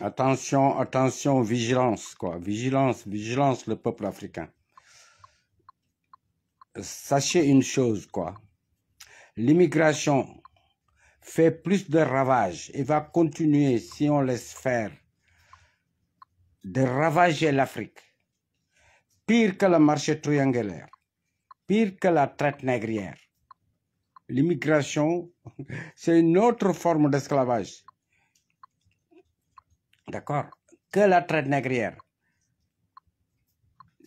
Attention, attention, vigilance, quoi. Vigilance, vigilance, le peuple africain. Sachez une chose, quoi. L'immigration fait plus de ravages et va continuer, si on laisse faire, de ravager l'Afrique. Pire que le marché triangulaire, pire que la traite négrière. L'immigration, c'est une autre forme d'esclavage D'accord Que la traite négrière.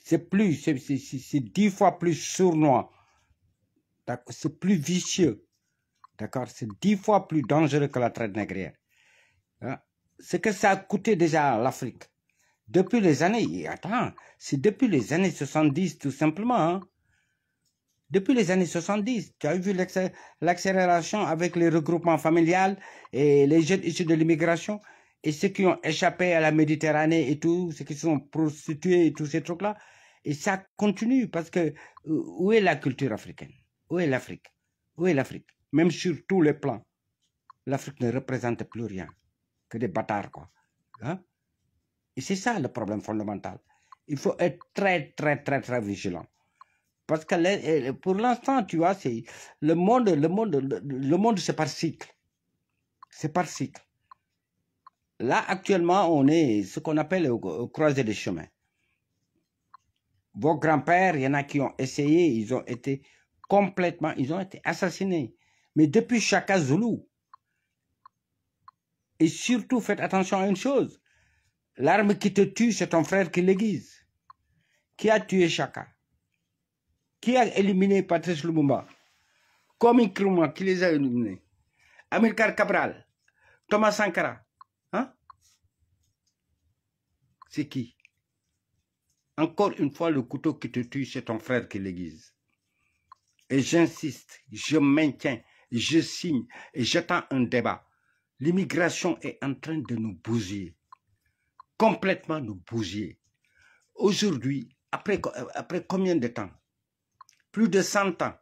C'est plus, c'est dix fois plus sournois. C'est plus vicieux. D'accord C'est dix fois plus dangereux que la traite négrière. Hein? C'est Ce que ça a coûté déjà à l'Afrique. Depuis les années, attends, c'est depuis les années 70 tout simplement. Hein. depuis les années 70. Tu as vu l'accélération avec les regroupements familiales et les jeunes issus de l'immigration et ceux qui ont échappé à la Méditerranée et tout, ceux qui sont prostitués et tous ces trucs-là. Et ça continue parce que euh, où est la culture africaine Où est l'Afrique Où est l'Afrique Même sur tous les plans, l'Afrique ne représente plus rien que des bâtards, quoi. Hein? Et c'est ça le problème fondamental. Il faut être très, très, très, très vigilant. Parce que pour l'instant, tu vois, le monde, le monde, le monde, c'est par cycle. C'est par cycle. Là, actuellement, on est ce qu'on appelle au, croisé des chemins. Vos grands-pères, il y en a qui ont essayé, ils ont été complètement, ils ont été assassinés. Mais depuis Chaka Zulu, et surtout, faites attention à une chose. L'arme qui te tue, c'est ton frère qui l'aiguise. Qui a tué Chaka Qui a éliminé Patrice Lumumba Comme un qui les a éliminés Amilcar Cabral, Thomas Sankara, c'est qui Encore une fois, le couteau qui te tue, c'est ton frère qui l'aiguise. Et j'insiste, je maintiens, je signe et j'attends un débat. L'immigration est en train de nous bouger. complètement nous bouger. Aujourd'hui, après, euh, après combien de temps Plus de 100 ans.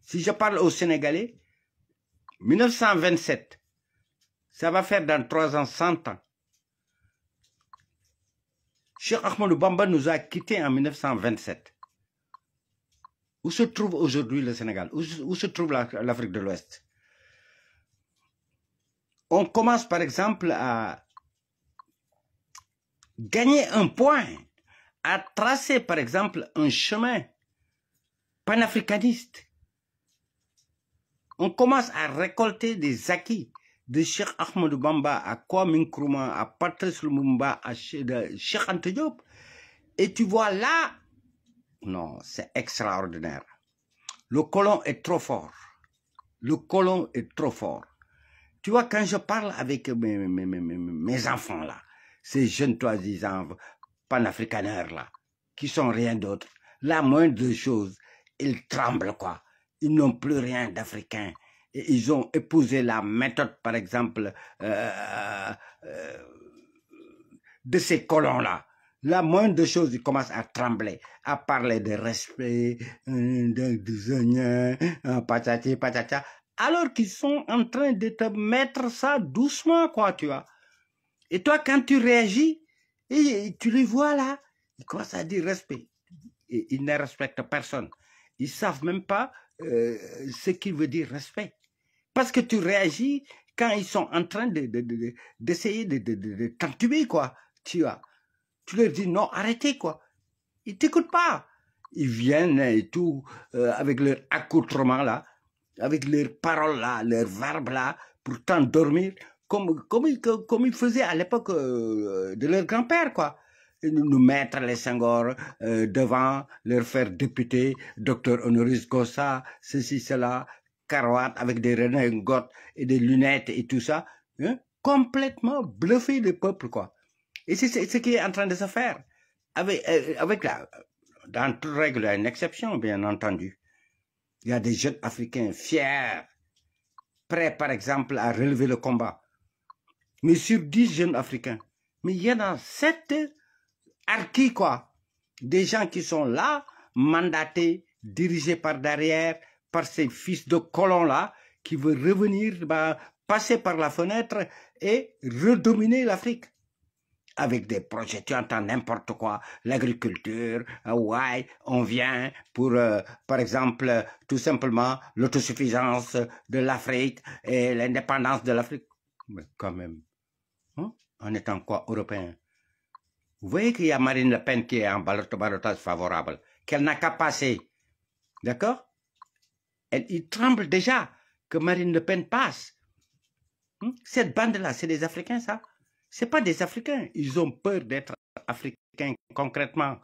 Si je parle au Sénégalais, 1927, ça va faire dans 3 ans 100 ans. Cheikh Ahmadou Bamba nous a quittés en 1927. Où se trouve aujourd'hui le Sénégal où, où se trouve l'Afrique de l'Ouest On commence par exemple à gagner un point, à tracer par exemple un chemin panafricaniste. On commence à récolter des acquis de Cheikh Ahmed Bamba à Kwame Nkrumah, à Patrice Lumumba, à Cheikh Et tu vois là, non, c'est extraordinaire. Le colon est trop fort. Le colon est trop fort. Tu vois, quand je parle avec mes, mes enfants là, ces jeunes toisisans panafricaneurs là, qui sont rien d'autre, la moindre chose, ils tremblent quoi. Ils n'ont plus rien d'africain ils ont épousé la méthode, par exemple, euh, euh, de ces colons-là. La moindre chose, ils commencent à trembler, à parler de respect, euh, de patati, patata, alors qu'ils sont en train de te mettre ça doucement, quoi, tu vois. Et toi, quand tu réagis, et tu les vois là, ils commencent à dire respect. Et ils ne respectent personne. Ils savent même pas ce qu'il veut dire respect. Parce que tu réagis quand ils sont en train d'essayer de, de, de, quoi. Tu Tu leur dis non, arrêtez, quoi. Ils t'écoutent pas. Ils viennent et tout, euh, avec leur accoutrement, là, avec leurs paroles, là, leurs verbes, là, pour t'endormir, comme, comme, ils, faisaient à l'époque euh, de leur grand-père, quoi. nous mettre les sangores euh, devant, leur faire député, docteur honoris causa, ceci, cela, avec des redingotes et des lunettes et tout ça, hein, complètement bluffé le peuple, quoi. Et c'est ce qui est en train de se faire. Avec, euh, avec la, dans toute règle, il y a une exception, bien entendu. Il y a des jeunes Africains fiers, prêts, par exemple, à relever le combat. Mais sur dix jeunes Africains, mais il y en a sept arquis, quoi. Des gens qui sont là, mandatés, dirigés par derrière, par ces fils de colons-là qui veulent revenir, bah, passer par la fenêtre et redominer l'Afrique avec des projets. Tu entends n'importe quoi, l'agriculture, ah ouais, on vient pour, euh, par exemple, tout simplement l'autosuffisance de l'Afrique et l'indépendance de l'Afrique. Mais quand même, hein, en étant quoi, européen Vous voyez qu'il y a Marine Le Pen qui est en balotage favorable, qu'elle n'a qu'à passer. D'accord elle, ils tremblent déjà que Marine Le Pen passe. Hmm? Cette bande-là, c'est des Africains, ça Ce pas des Africains. Ils ont peur d'être Africains concrètement.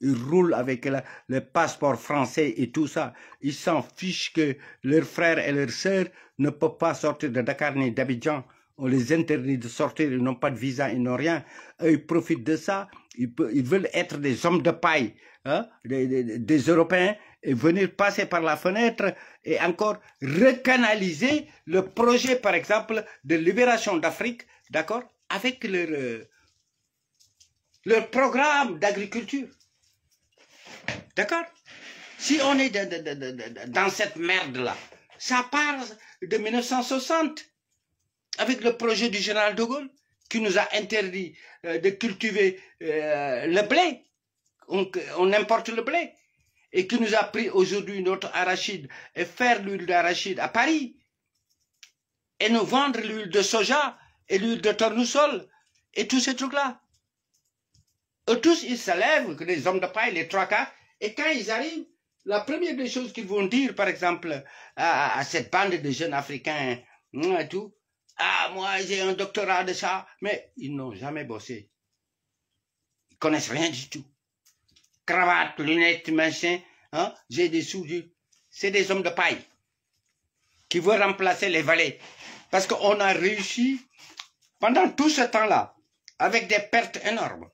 Ils roulent avec le passeport français et tout ça. Ils s'en fichent que leurs frères et leurs sœurs ne peuvent pas sortir de Dakar ni d'Abidjan. On les interdit de sortir, ils n'ont pas de visa, ils n'ont rien. ils profitent de ça. Ils, veulent être des hommes de paille, hein, des Européens et venir passer par la fenêtre et encore recanaliser le projet, par exemple, de libération d'Afrique, d'accord, avec leur, euh, leur programme d'agriculture. D'accord Si on est dans cette merde-là, ça part de 1960, avec le projet du général de Gaulle, qui nous a interdit euh, de cultiver euh, le blé. on importe le blé et qui nous a pris aujourd'hui notre arachide et faire l'huile d'arachide à Paris et nous vendre l'huile de soja et l'huile de tournesol et tous ces trucs-là. Et tous, ils se lèvent, les hommes de paille, les trois quarts, et quand ils arrivent, la première des choses qu'ils vont dire, par exemple, à, cette bande de jeunes Africains hein, et tout, ah, moi, j'ai un doctorat de ça, mais ils n'ont jamais bossé. Ils connaissent rien du tout cravate, lunettes, machin, hein, j'ai des sous. C'est des hommes de paille qui veulent remplacer les valets. Parce qu'on a réussi, pendant tout ce temps-là, avec des pertes énormes.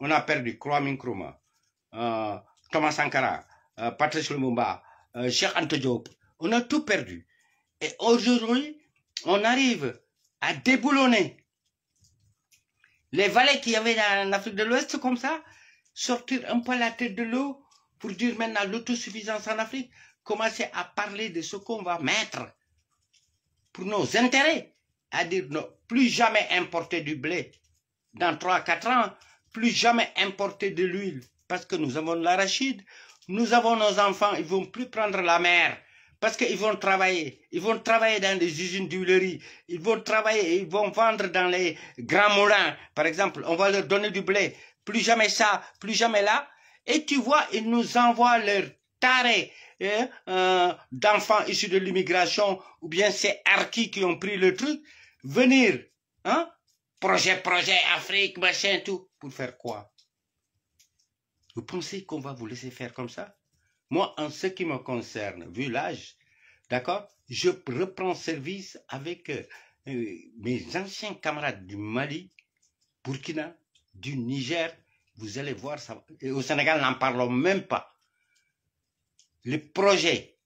On a perdu Kwame Nkrumah, euh, Thomas Sankara, euh, Patrice Lumumba, euh, Cheikh Ante Diop. On a tout perdu. Et aujourd'hui, on arrive à déboulonner les valets qu'il y avait en Afrique de l'Ouest comme ça, sortir un peu la tête de l'eau pour dire maintenant l'autosuffisance en Afrique, commencer à parler de ce qu'on va mettre pour nos intérêts, à dire non, plus jamais importer du blé dans 3-4 ans, plus jamais importer de l'huile, parce que nous avons l'arachide, nous avons nos enfants, ils vont plus prendre la mer, parce qu'ils vont travailler, ils vont travailler dans les usines d'huilerie, ils vont travailler, ils vont vendre dans les grands moulins, par exemple, on va leur donner du blé, plus jamais ça, plus jamais là. Et tu vois, ils nous envoient leurs tarés hein, euh, d'enfants issus de l'immigration ou bien ces harkis qui ont pris le truc, venir, hein, projet, projet, Afrique, machin, tout, pour faire quoi Vous pensez qu'on va vous laisser faire comme ça Moi, en ce qui me concerne, vu l'âge, d'accord, je reprends service avec euh, euh, mes anciens camarades du Mali, Burkina, du Niger, vous allez voir, ça, au Sénégal, n'en parlons même pas. Le projet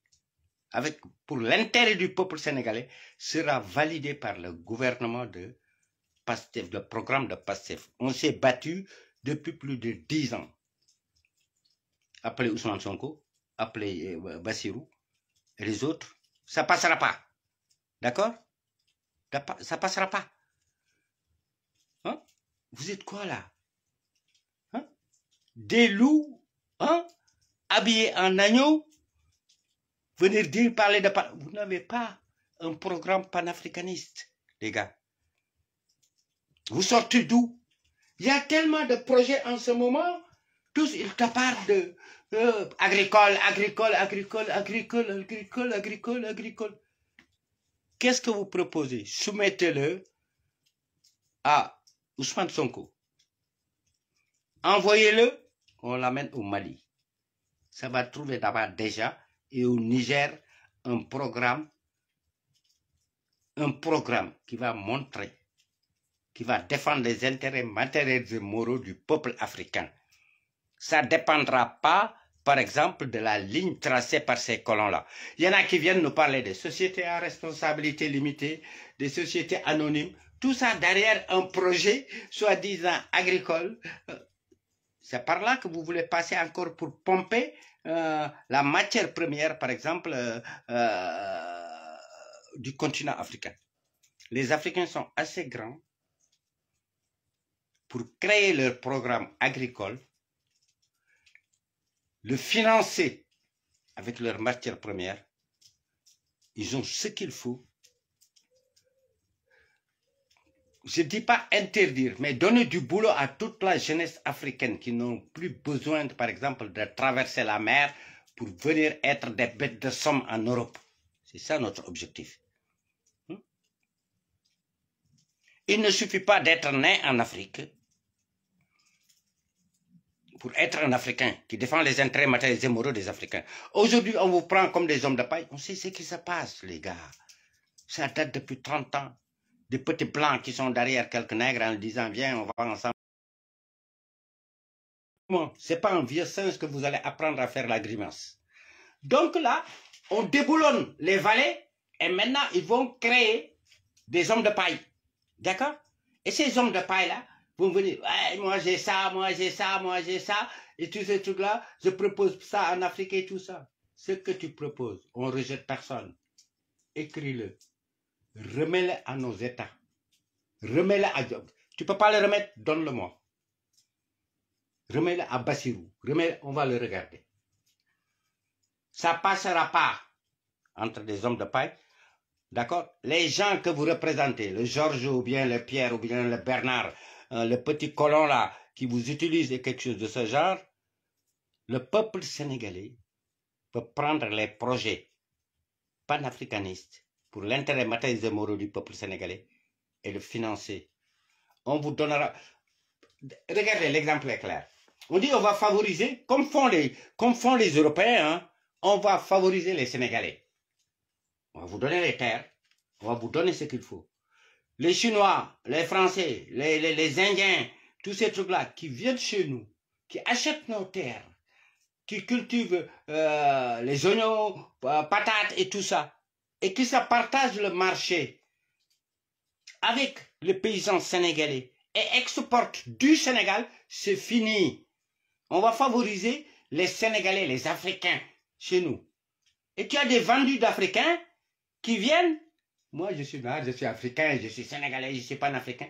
avec, pour l'intérêt du peuple sénégalais sera validé par le gouvernement de PASTEF, le programme de PASTEF. On s'est battu depuis plus de dix ans. Appelez Ousmane Sonko, appelez euh, Bassirou les autres, ça passera pas. D'accord Ça passera pas. Hein vous êtes quoi là hein Des loups hein habillés en agneau Venir dire, parler de... Vous n'avez pas un programme panafricaniste, les gars. Vous sortez d'où Il y a tellement de projets en ce moment. Tous, ils te de euh, agricole, agricole, agricole, agricole, agricole, agricole, agricole. Qu'est-ce que vous proposez Soumettez-le à Ousmane Sonko. Envoyez-le, on l'amène au Mali. Ça va trouver d'abord déjà, et au Niger, un programme, un programme qui va montrer, qui va défendre les intérêts matériels et moraux du peuple africain. Ça ne dépendra pas, par exemple, de la ligne tracée par ces colons-là. Il y en a qui viennent nous parler des sociétés à responsabilité limitée, des sociétés anonymes. Tout ça derrière un projet soi-disant agricole. Euh, c'est par là que vous voulez passer encore pour pomper euh, la matière première, par exemple, euh, du continent africain. Les Africains sont assez grands pour créer leur programme agricole, le financer avec leur matière première. Ils ont ce qu'il faut je ne dis pas interdire, mais donner du boulot à toute la jeunesse africaine qui n'ont plus besoin, par exemple, de traverser la mer pour venir être des bêtes de somme en Europe. C'est ça notre objectif. Hmm? Il ne suffit pas d'être né en Afrique pour être un Africain qui défend les intérêts matériels et moraux des Africains. Aujourd'hui, on vous prend comme des hommes de paille. On sait ce qui se passe, les gars. Ça date depuis 30 ans des petits blancs qui sont derrière quelques nègres en disant viens, on va ensemble. Bon, c'est pas un vieux sens que vous allez apprendre à faire la grimace. Donc là, on déboulonne les valets et maintenant ils vont créer des hommes de paille. D'accord Et ces hommes de paille-là vont venir, ouais, moi j'ai ça, moi j'ai ça, moi j'ai ça, et tous ces trucs-là, je propose ça en Afrique et tout ça. Ce que tu proposes, on rejette personne. Écris-le remets le à nos États. remets le à Tu ne peux pas le remettre, donne-le-moi. remets le à Bassirou. Remets on va le regarder. Ça passera pas entre des hommes de paille. D'accord Les gens que vous représentez, le Georges ou bien le Pierre ou bien le Bernard, euh, le petit colon là, qui vous utilise et quelque chose de ce genre, le peuple sénégalais peut prendre les projets panafricanistes pour l'intérêt matériel et du peuple sénégalais et le financer. On vous donnera... Regardez, l'exemple est clair. On dit on va favoriser, comme font les, comme font les Européens, hein, on va favoriser les Sénégalais. On va vous donner les terres, on va vous donner ce qu'il faut. Les Chinois, les Français, les, Indiens, tous ces trucs-là qui viennent chez nous, qui achètent nos terres, qui cultivent euh, les oignons, euh, patates et tout ça, et que ça partage le marché avec les paysans sénégalais et exporte du Sénégal, c'est fini. On va favoriser les Sénégalais, les Africains chez nous. Et tu as des vendus d'Africains qui viennent. Moi, je suis noir, ah, je suis africain, je suis sénégalais, je suis pas Africain.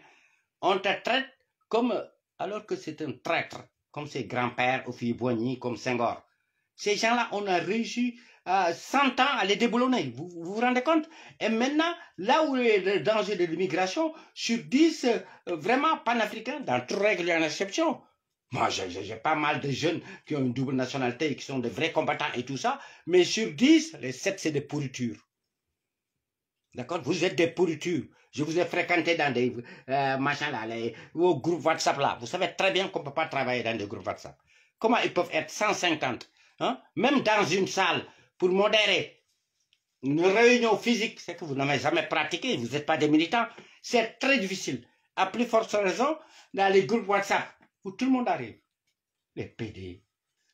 On te traite comme. Alors que c'est un traître, comme ses grands-pères, filles Boigny, comme Senghor. Ces gens-là, on a réussi 100 euh, ans à les déboulonner. Vous, vous, rendez compte Et maintenant, là où le danger de l'immigration, sur 10 euh, vraiment panafricains, dans a une exception, moi, j'ai pas mal de jeunes qui ont une double nationalité et qui sont de vrais combattants et tout ça, mais sur 10, les 7, c'est des pourritures. D'accord Vous êtes des pourritures. Je vous ai fréquenté dans des euh, machins là, les groupes WhatsApp là. Vous savez très bien qu'on ne peut pas travailler dans des groupes WhatsApp. Comment ils peuvent être 150 hein? Même dans une salle, pour modérer une réunion physique, c'est que vous n'avez jamais pratiqué, vous n'êtes pas des militants, c'est très difficile. À plus forte raison, dans les groupes WhatsApp, où tout le monde arrive. Les PD,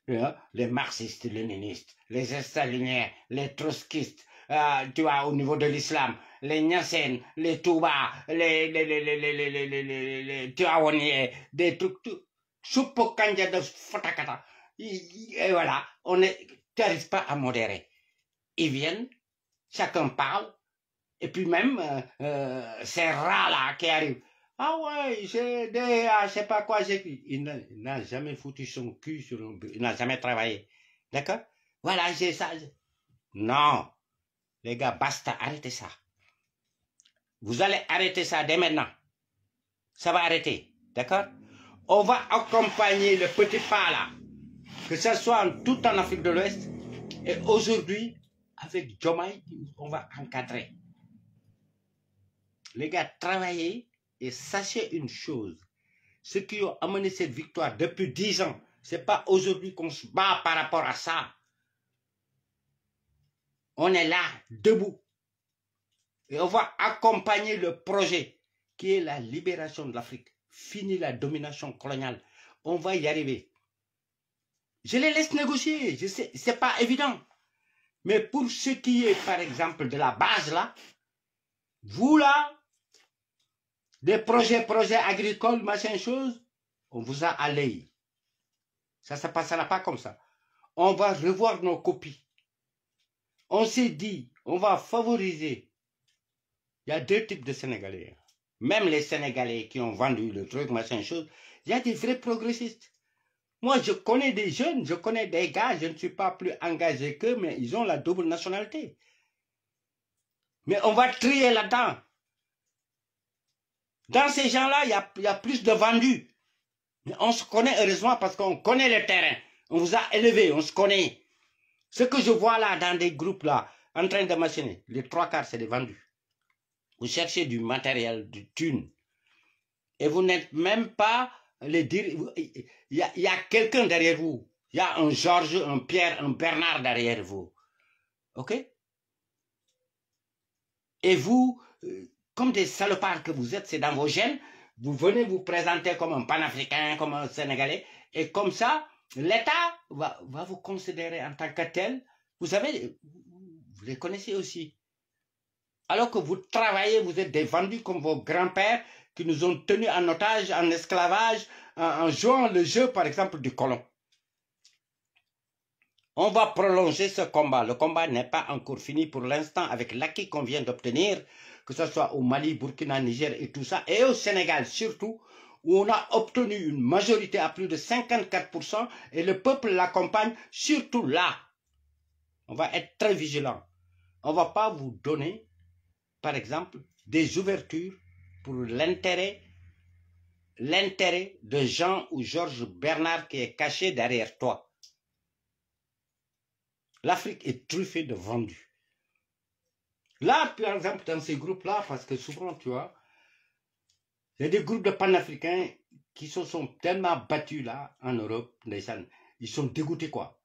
hein, les marxistes, léninistes, les staliniens, les trotskistes, euh, tu vois, au niveau de l'islam, les Nyassen, les Touba, les, les, les, les, les, les, les, des trucs, tout, de Et voilà, on est n'arrivent pas à modérer. Ils viennent, chacun parle, et puis même euh, euh, ces rats-là qui arrivent. Ah ouais, j'ai des, ah, sais pas quoi, j'ai... Il n'a jamais foutu son cul sur un Il n'a jamais travaillé. D'accord Voilà, j'ai ça. Non. Les gars, basta, arrêtez ça. Vous allez arrêter ça dès maintenant. Ça va arrêter. D'accord On va accompagner le petit pas là que ce soit tout en Afrique de l'Ouest, et aujourd'hui, avec Jomai, on va encadrer. Les gars, travaillez et sachez une chose. Ceux qui ont amené cette victoire depuis dix ans, ce n'est pas aujourd'hui qu'on se bat par rapport à ça. On est là, debout. Et on va accompagner le projet qui est la libération de l'Afrique. Fini la domination coloniale. On va y arriver. Je les laisse négocier, je sais, c'est pas évident. Mais pour ce qui est, par exemple, de la base là, vous là, des projets, projets agricoles, machin chose, on vous a allé. Ça ne ça passera pas comme ça. On va revoir nos copies. On s'est dit, on va favoriser. Il y a deux types de Sénégalais. Même les Sénégalais qui ont vendu le truc, machin chose, il y a des vrais progressistes. Moi, je connais des jeunes, je connais des gars, je ne suis pas plus engagé qu'eux, mais ils ont la double nationalité. Mais on va trier là-dedans. Dans ces gens-là, il y a, plus de vendus. Mais on se connaît heureusement parce qu'on connaît le terrain. On vous a élevé, on se connaît. Ce que je vois là dans des groupes là, en train de machiner, les trois quarts, c'est des vendus. Vous cherchez du matériel, du thune. Et vous n'êtes même pas les dire. Il y a, quelqu'un derrière vous. Il y a un Georges, un Pierre, un Bernard derrière vous. OK Et vous, euh, comme des salopards que vous êtes, c'est dans vos gènes, vous venez vous présenter comme un panafricain, comme un sénégalais, et comme ça, l'État va, vous considérer en tant que tel. Vous savez, vous les connaissez aussi. Alors que vous travaillez, vous êtes des comme vos grands-pères, qui nous ont tenus en otage, en esclavage, en, jouant le jeu, par exemple, du colon. On va prolonger ce combat. Le combat n'est pas encore fini pour l'instant avec l'acquis qu'on vient d'obtenir, que ce soit au Mali, Burkina, Niger et tout ça, et au Sénégal surtout, où on a obtenu une majorité à plus de 54% et le peuple l'accompagne surtout là. On va être très vigilant. On ne va pas vous donner, par exemple, des ouvertures pour l'intérêt l'intérêt de Jean ou Georges Bernard qui est caché derrière toi. L'Afrique est truffée de vendus. Là, par exemple, dans ces groupes-là, parce que souvent, tu vois, il y a des groupes de panafricains qui se sont tellement battus là, en Europe, ils sont dégoûtés, quoi.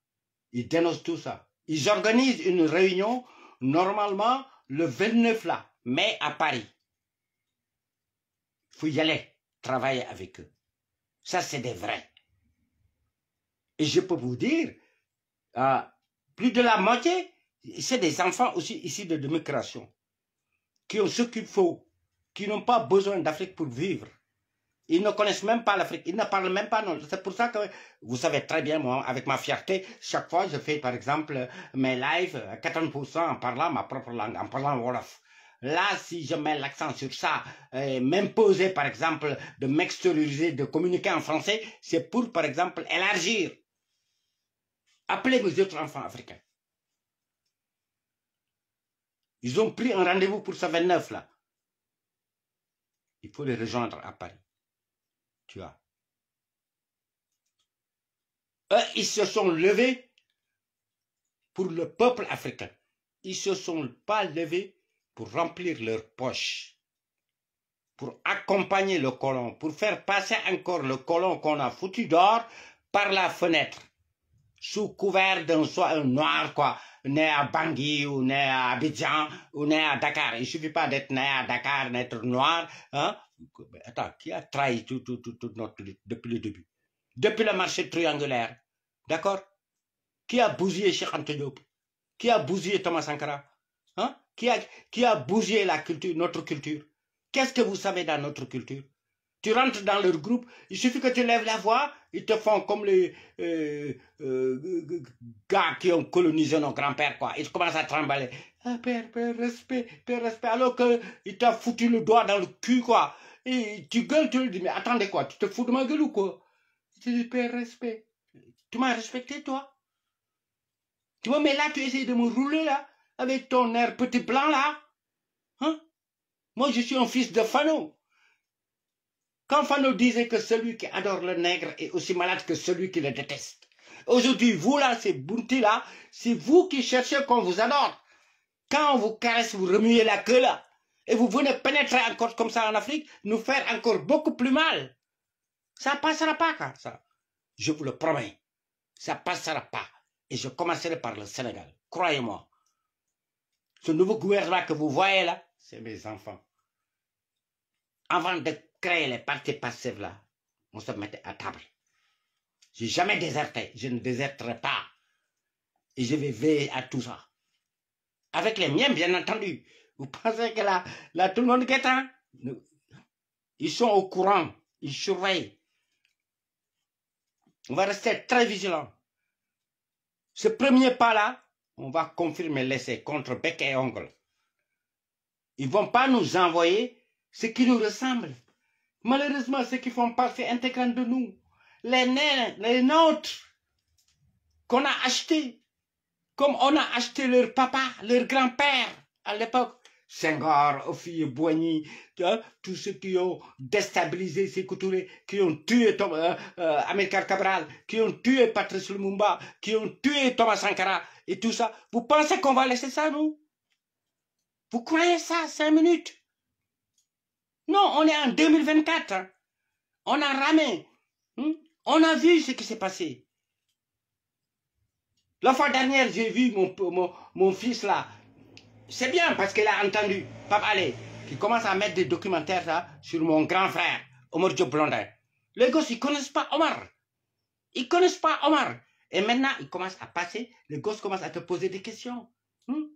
Ils dénoncent tout ça. Ils organisent une réunion, normalement, le 29 là, mai à Paris faut y aller, travailler avec eux. Ça, c'est des vrais. Et je peux vous dire, euh, plus de la moitié, c'est des enfants aussi ici de démigration, qui ont ce qu'il faut, qui n'ont pas besoin d'Afrique pour vivre. Ils ne connaissent même pas l'Afrique, ils ne parlent même pas. C'est pour ça que vous savez très bien, moi, avec ma fierté, chaque fois je fais par exemple mes lives, 80% en parlant ma propre langue, en parlant Wolof. Là, si je mets l'accent sur ça, euh, m'imposer, par exemple, de m'extérioriser, de communiquer en français, c'est pour, par exemple, élargir. Appelez vos autres enfants africains. Ils ont pris un rendez-vous pour ce 29 là. Il faut les rejoindre à Paris. Tu vois. Eux, ils se sont levés pour le peuple africain. Ils se sont pas levés pour remplir leurs poches, pour accompagner le colon, pour faire passer encore le colon qu'on a foutu d'or par la fenêtre, sous couvert d'un noir, quoi, né à Bangui, ou né à Abidjan, ou né à Dakar. Il suffit pas d'être né à Dakar, d'être noir, hein. Attends, qui a trahi tout, tout, tout, notre depuis le début? Depuis le marché triangulaire. D'accord? Qui a bousillé Cheikh Diop Qui a bousillé Thomas Sankara? Hein? qui a, bougé la culture, notre culture. Qu'est-ce que vous savez dans notre culture Tu rentres dans leur groupe, il suffit que tu lèves la voix, ils te font comme les euh, euh, gars qui ont colonisé nos grands-pères, quoi. Ils commencent à trembler. Ah, père, père, respect, père, respect. Alors qu'ils t'ont foutu le doigt dans le cul, quoi. Et tu gueules, tu lui dis, mais attendez quoi, tu te fous de ma gueule ou quoi Tu dis, père, respect. Tu m'as respecté, toi Tu vois, mais là, tu essayes de me rouler, là. Avec ton air petit blanc là. Hein? Moi, je suis un fils de Fano. Quand Fano disait que celui qui adore le nègre est aussi malade que celui qui le déteste. Aujourd'hui, vous là, ces bounty là, c'est vous qui cherchez qu'on vous adore. Quand on vous caresse, vous remuez la queue là. Et vous venez pénétrer encore comme ça en Afrique, nous faire encore beaucoup plus mal. Ça passera pas, ça. Je vous le promets. Ça passera pas. Et je commencerai par le Sénégal. Croyez-moi. Ce nouveau là que vous voyez là, c'est mes enfants. Avant de créer les parties passives là, on se mettait à table. n'ai jamais déserté, je ne déserterai pas. Et je vais veiller à tout ça. Avec les miens, bien entendu. Vous pensez que là, tout le monde est un Ils sont au courant, ils surveillent. On va rester très vigilants. Ce premier pas-là, on va confirmer l'essai contre bec et ongle. Ils vont pas nous envoyer ce qui nous ressemble. Malheureusement, ceux qui font partie intégrante de nous, les, nains, les nôtres, qu'on a achetés, comme on a acheté leur papa, leur grand-père à l'époque, Senghor, Ophi, Boigny, tous ceux qui ont déstabilisé ces couturiers, qui ont tué euh, euh Cabral, qui ont tué Patrice Lumumba, qui ont tué Thomas Sankara et tout ça. Vous pensez qu'on va laisser ça, nous Vous croyez ça, cinq minutes Non, on est en 2024. Hein. On a ramé. Hein. On a vu ce qui s'est passé. La fois dernière, j'ai vu mon, mon, fils là, c'est bien parce qu'elle a entendu Papa. Allez, qui commence à mettre des documentaires là, sur mon grand frère, Omar Diop Les gosses, ils connaissent pas Omar. Ils connaissent pas Omar. Et maintenant, ils commencent à passer, les gosses commencent à te poser des questions. Hum?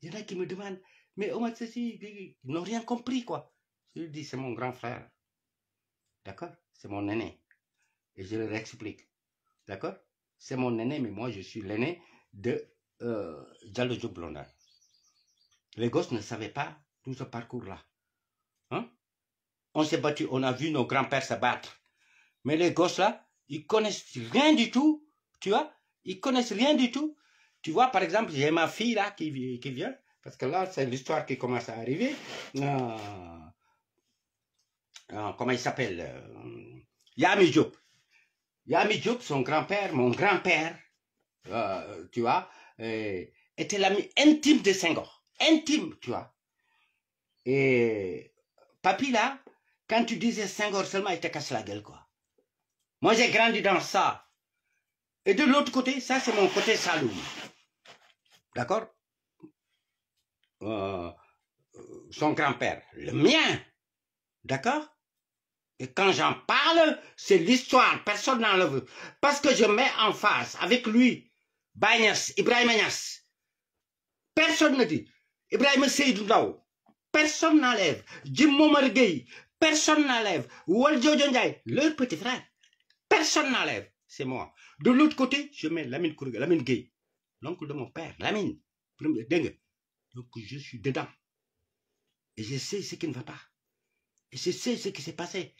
Il y en a qui me demandent, mais Omar, ceci, ils n'ont rien compris, quoi. Je lui dis, c'est mon grand frère. D'accord C'est mon aîné. Et je leur explique. D'accord C'est mon aîné, mais moi, je suis l'aîné de euh, les gosses ne savaient pas tout ce parcours-là. Hein? On s'est battu, on a vu nos grands-pères se battre. Mais les gosses-là, ils connaissent rien du tout, tu vois Ils connaissent rien du tout. Tu vois, par exemple, j'ai ma fille là qui, vient, parce que là, c'est l'histoire qui commence à arriver. Euh, euh, comment il s'appelle euh, Yami Diop. Yami Diop, son grand-père, mon grand-père, tu vois, était l'ami intime de Senghor intime, tu vois. Et papy, là, quand tu disais 5 heures seulement, il te casse la gueule, quoi. Moi, j'ai grandi dans ça. Et de l'autre côté, ça, c'est mon côté saloum. D'accord euh, euh, Son grand-père, le mien. D'accord Et quand j'en parle, c'est l'histoire. Personne n'en veut. Parce que je mets en face, avec lui, Bagnas, Ibrahim Personne ne dit. Ibrahim Seydou personne n'enlève Jim Momar Gueye personne n'enlève Waljo Ndiaye leur petit frère personne n'enlève c'est moi de l'autre côté je mets Lamine Kouré Lamine Gay, l'oncle de mon père Lamine de donc je suis dedans et je sais ce qui ne va pas et je sais ce qui s'est passé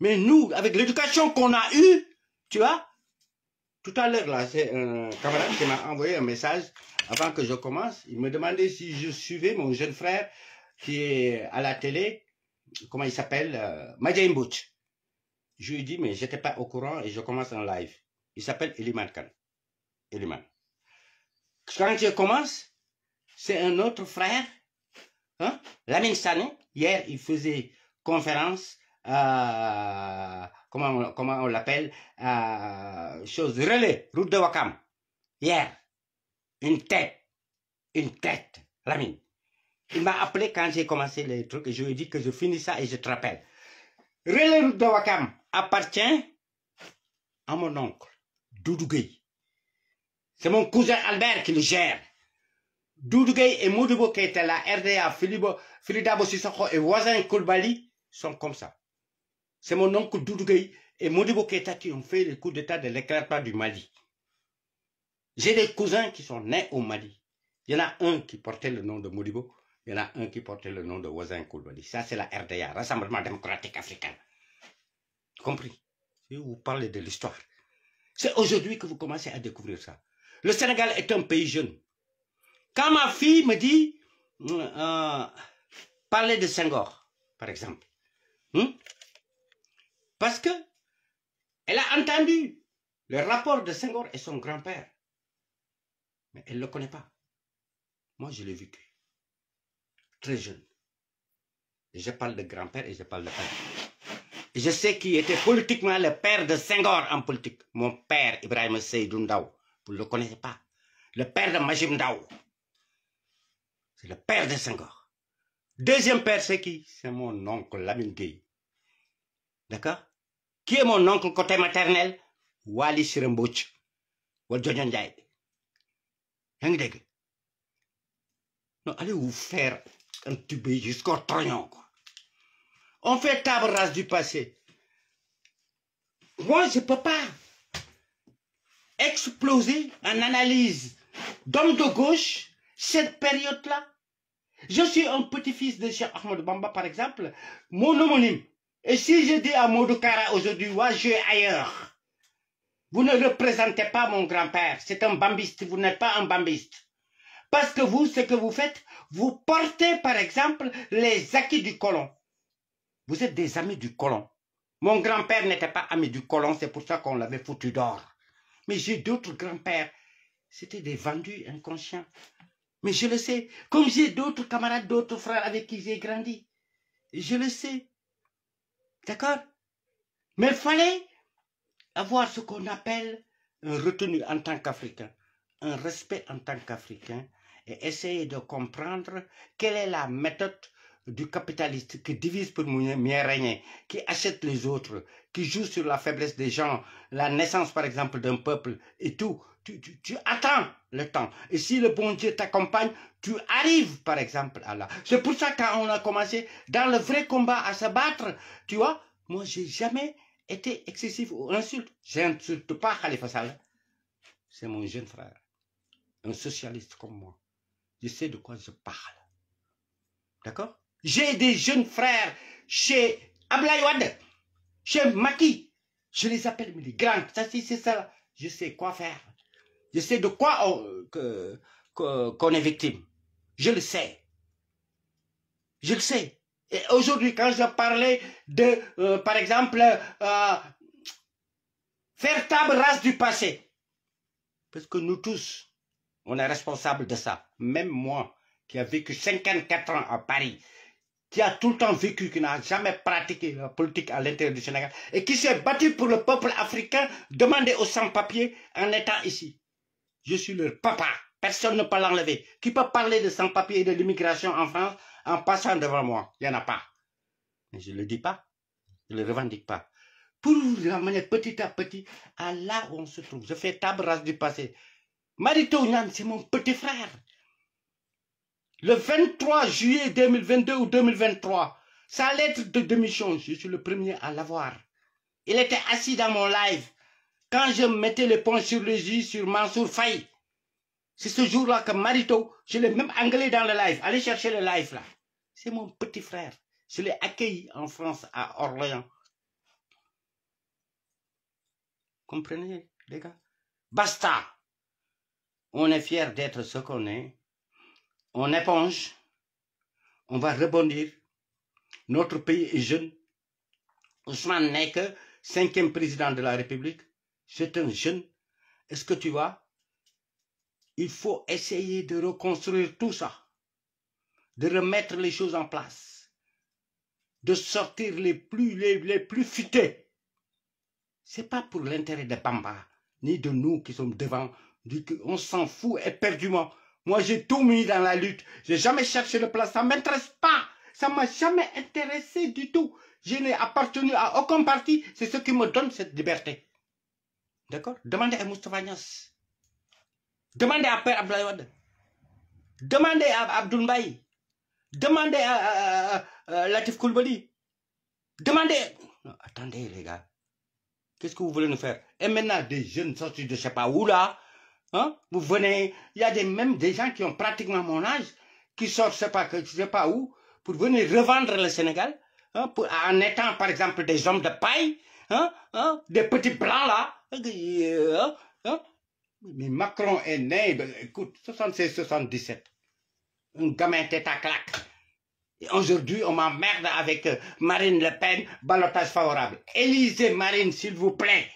mais nous avec l'éducation qu'on a eue tu vois tout à l'heure, là, c'est un camarade qui m'a envoyé un message avant que je commence. Il me demandait si je suivais mon jeune frère qui est à la télé, comment il s'appelle, euh, Butch. Je lui ai dit, mais j'étais pas au courant et je commence en live. Il s'appelle Eliman Khan. Eliman. Quand je commence, c'est un autre frère, hein, Lamine Hier, il faisait conférence à comment on, comment on l'appelle, euh, chose relais, route de Wakam. Hier, une tête, une tête, Lamine. Il m'a appelé quand j'ai commencé les trucs et je lui ai dit que je finis ça et je te rappelle. Relais route de Wakam appartient à mon oncle, Doudou C'est mon cousin Albert qui le gère. Doudou et Moudoubo qui étaient la RDA, Philippe, dabo et voisin Koulbali sont comme ça. C'est mon oncle Doudougueï et Modibo Keta qui ont fait le coup d'état de l'éclatement du Mali. J'ai des cousins qui sont nés au Mali. Il y en a un qui portait le nom de Modibo, il y en a un qui portait le nom de voisin Koulibaly. Ça, c'est la RDA, Rassemblement démocratique africain. Compris Si vous parlez de l'histoire. C'est aujourd'hui que vous commencez à découvrir ça. Le Sénégal est un pays jeune. Quand ma fille me dit, euh, euh parler de Senghor, par exemple, hein parce que elle a entendu le rapport de Senghor et son grand-père. Mais elle ne le connaît pas. Moi, je l'ai vécu. Très jeune. Je parle de grand-père et je parle de père. je sais qui était politiquement le père de Senghor en politique. Mon père, Ibrahim Seydou Vous ne le connaissez pas. Le père de Majim C'est le père de Senghor. Deuxième père, c'est qui C'est mon oncle Lamine D'accord qui est mon oncle côté maternel Wali Sirembouch Ou Jojo Ndiaye non allez vous faire un tube jusqu'au triangle. on fait table du passé moi je peux pas exploser en analyse d'homme de gauche cette période là je suis un petit-fils de Cheikh Ahmed Bamba par exemple mon homonyme et si je dis à Kara aujourd'hui, moi, je ailleurs, vous ne représentez pas mon grand-père, c'est un bambiste, vous n'êtes pas un bambiste. Parce que vous, ce que vous faites, vous portez par exemple les acquis du colon. Vous êtes des amis du colon. Mon grand-père n'était pas ami du colon, c'est pour ça qu'on l'avait foutu d'or. Mais j'ai d'autres grands-pères. C'était des vendus inconscients. Mais je le sais, comme j'ai d'autres camarades, d'autres frères avec qui j'ai grandi. Je le sais. D'accord Mais il fallait avoir ce qu'on appelle un retenu en tant qu'Africain, un respect en tant qu'Africain, et essayer de comprendre quelle est la méthode du capitaliste qui divise pour mieux régner, qui achète les autres, qui joue sur la faiblesse des gens, la naissance par exemple d'un peuple et tout. Tu, attends le temps. Et si le bon Dieu t'accompagne, tu arrives par exemple à là. C'est pour ça qu'on a commencé dans le vrai combat à se battre, tu vois, moi j'ai jamais été excessif ou insulte. J'insulte pas Khalifa Saleh. C'est mon jeune frère, un socialiste comme moi. Je sais de quoi je parle. D'accord J'ai des jeunes frères chez Ablaïwad chez Maki. Je les appelle, mais les grands, ça, c'est ça, je sais quoi faire. Je sais de quoi on, que, qu'on est victime. Je le sais. Je le sais. Et aujourd'hui, quand je parlais de, euh, par exemple, euh, faire table rase du passé, parce que nous tous, on est responsable de ça. Même moi, qui a vécu 54 ans à Paris, qui a tout le temps vécu, qui n'a jamais pratiqué la politique à l'intérieur du Sénégal, et qui s'est battu pour le peuple africain, demandé aux sans-papiers en étant ici. Je suis leur papa, personne ne peut l'enlever. Qui peut parler de sans-papiers et de l'immigration en France en passant devant moi Il n'y en a pas. Mais je ne le dis pas, je ne le revendique pas. Pour vous ramener petit à petit à là où on se trouve. Je fais table du passé. Marito Nyan, c'est mon petit frère le 23 juillet 2022 ou 2023, sa lettre de démission, je suis le premier à l'avoir. Il était assis dans mon live quand je mettais le pont sur le J sur Mansour Fay. C'est ce jour-là que Marito, je l'ai même anglais dans le live. Allez chercher le live là. C'est mon petit frère. Je l'ai accueilli en France à Orléans. Comprenez, les gars Basta On est fier d'être ce qu'on est on éponge, on va rebondir. Notre pays est jeune. Ousmane n'est cinquième président de la République. C'est un jeune. Est-ce que tu vois Il faut essayer de reconstruire tout ça, de remettre les choses en place, de sortir les plus, les, plus futés. C'est pas pour l'intérêt des Bamba, ni de nous qui sommes devant. On s'en fout éperdument. Moi, j'ai tout mis dans la lutte. J'ai jamais cherché de place. Ça m'intéresse pas. Ça m'a jamais intéressé du tout. Je n'ai appartenu à aucun parti. C'est ce qui me donne cette liberté. D'accord Demandez à Moustapha Demandez à Père Wade. Demandez à Abdoul Demandez à, Latif Koulbali. Demandez... attendez les gars. Qu'est-ce que vous voulez nous faire Et maintenant, des jeunes sortis de je sais pas où là, Hein? Vous venez, il y a des, même des gens qui ont pratiquement mon âge, qui sortent, je ne sais pas, où, pour venir revendre le Sénégal, hein, en étant par exemple des hommes de paille, hein, des petits blancs là. Mais Macron est né, ben, écoute, 76-77. Un gamin tête à claque. et Aujourd'hui, on m'emmerde avec euh, Marine Le Pen, balotage favorable. Élisez Marine, s'il vous plaît.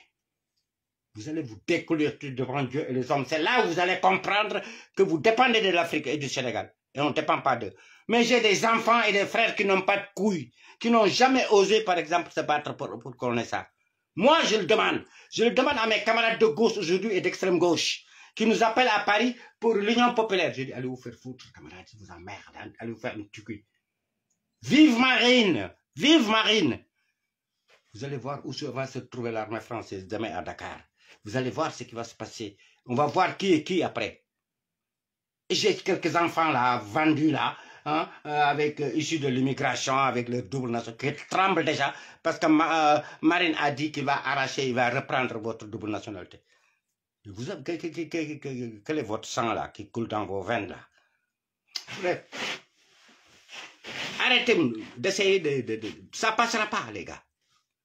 Vous allez vous découvrir devant Dieu et les hommes. C'est là où vous allez comprendre que vous dépendez de l'Afrique et du Sénégal. Et on ne dépend pas d'eux. Mais j'ai des enfants et des frères qui n'ont pas de couilles, qui n'ont jamais osé, par exemple, se battre pour, pour ça. Moi, je le demande. Je le demande à mes camarades de gauche aujourd'hui et d'extrême gauche, qui nous appellent à Paris pour l'Union populaire. Je dis, allez vous faire foutre, camarades, je vous emmerde, hein. allez vous faire une tucule. Vive Marine Vive Marine Vous allez voir où va se trouver l'armée française demain à Dakar. Vous allez voir ce qui va se passer. On va voir qui est qui après. J'ai quelques enfants là, vendus là, hein, euh, avec issue euh, issus de l'immigration, avec le double nationalité, qui tremblent déjà parce que euh, Marine a dit qu'il va arracher, il va reprendre votre double nationalité. quel, est votre sang là qui coule dans vos veines là Bref. Arrêtez d'essayer de, Ça de... Ça passera pas, les gars.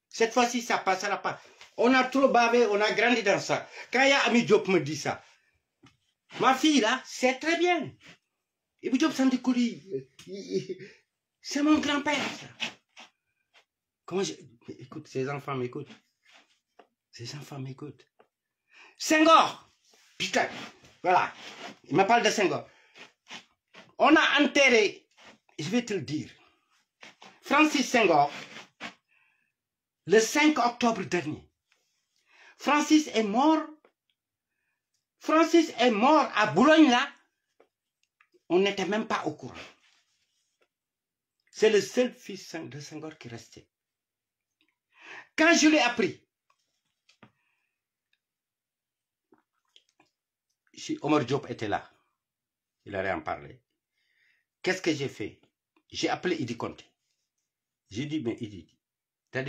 Cette fois-ci, ça passera pas. On a trop bavé, on a grandi dans ça. Quand y a Ami Diop me dit ça, ma fille là, c'est très bien. Ami Diop c'est mon grand-père. Comment je... Écoute, ces enfants m'écoutent. Ces enfants m'écoutent. Senghor Putain Voilà. Il me parle de Senghor. On a enterré, je vais te le dire, Francis Senghor, le 5 octobre dernier. Francis est mort. Francis est mort à Boulogne, là. On n'était même pas au courant. C'est le seul fils de Senghor qui restait. Quand je l'ai appris, Omar Diop était là. Il aurait en parlé, Qu'est-ce que j'ai fait J'ai appelé Idi Conte. J'ai dit, mais Idi, t'as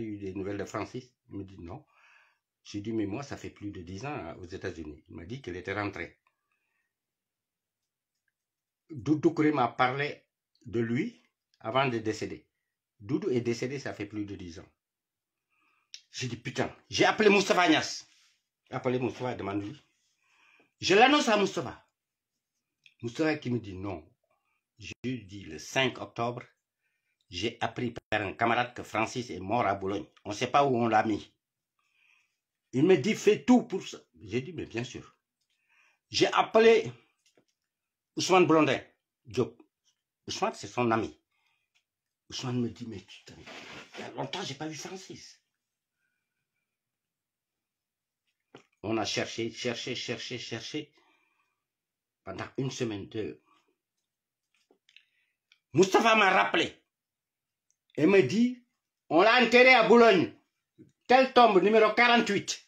eu des nouvelles de Francis Il me dit non. J'ai dit, mais moi, ça fait plus de 10 ans hein, aux États-Unis. Il m'a dit qu'il était rentré. Doudou m'a parlé de lui avant de décéder. Doudou est décédé, ça fait plus de 10 ans. J'ai dit, putain, j'ai appelé Moustapha Agnès. J'ai appelé et demande-lui. Je l'annonce à Moustapha. Moustapha qui me dit non. J'ai dit le 5 octobre, j'ai appris par un camarade que Francis est mort à Boulogne. On ne sait pas où on l'a mis. Il me dit, fais tout pour ça. J'ai dit, mais bien sûr. J'ai appelé Ousmane Blondin, Ousmane, c'est son ami. Ousmane me dit, mais putain, il y a longtemps, je n'ai pas vu Francis. On a cherché, cherché, cherché, cherché pendant une semaine, deux. Moustapha m'a rappelé et me dit, on l'a enterré à Boulogne, telle tombe numéro 48.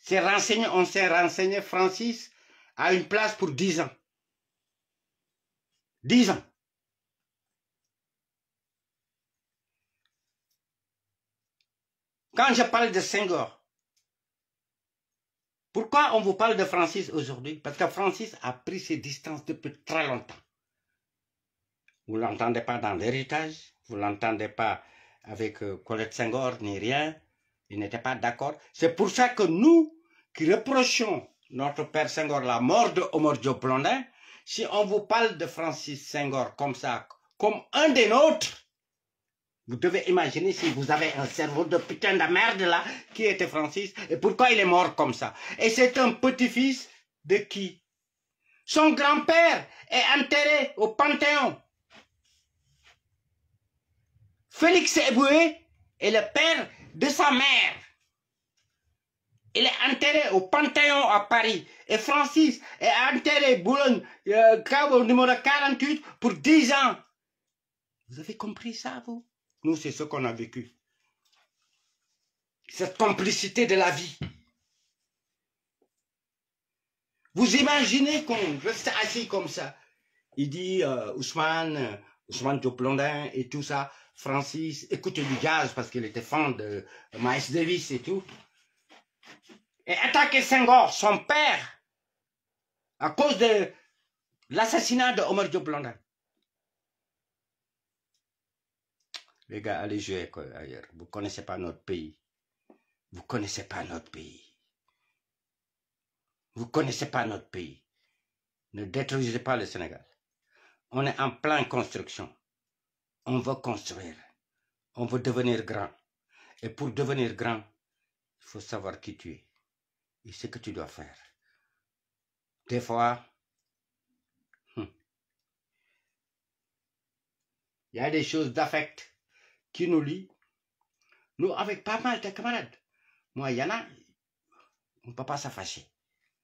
C'est renseigné, on s'est renseigné, Francis a une place pour 10 ans. 10 ans. Quand je parle de Senghor, pourquoi on vous parle de Francis aujourd'hui Parce que Francis a pris ses distances depuis très longtemps. Vous ne l'entendez pas dans l'héritage, vous ne l'entendez pas avec euh, Colette Senghor ni rien. Ils n'étaient pas d'accord. C'est pour ça que nous, qui reprochons notre père Senghor la mort de Omar Diop Blondin, si on vous parle de Francis Senghor comme ça, comme un des nôtres, vous devez imaginer si vous avez un cerveau de putain de merde là, qui était Francis, et pourquoi il est mort comme ça. Et c'est un petit-fils de qui Son grand-père est enterré au Panthéon. Félix Eboué est le père de sa mère. Il est enterré au Panthéon à Paris. Et Francis est enterré Boulogne, euh, au numéro 48 pour 10 ans. Vous avez compris ça, vous Nous, c'est ce qu'on a vécu. Cette complicité de la vie. Vous imaginez qu'on reste assis comme ça. Il dit euh, Ousmane, euh, Ousmane Diop et tout ça. Francis écoutait du jazz parce qu'il était fan de Miles Davis et tout. Et attaquer Senghor, son père, à cause de l'assassinat de Omar Diop Blondin. Les gars, allez jouer ailleurs. Vous ne connaissez pas notre pays. Vous ne connaissez pas notre pays. Vous ne connaissez pas notre pays. Ne détruisez pas le Sénégal. On est en pleine construction on veut construire, on veut devenir grand. Et pour devenir grand, il faut savoir qui tu es et ce que tu dois faire. Des fois, hmm, il y a des choses d'affect qui nous lient. Nous, avec pas mal de camarades, moi, il y en a, on ne peut pas s'affâcher.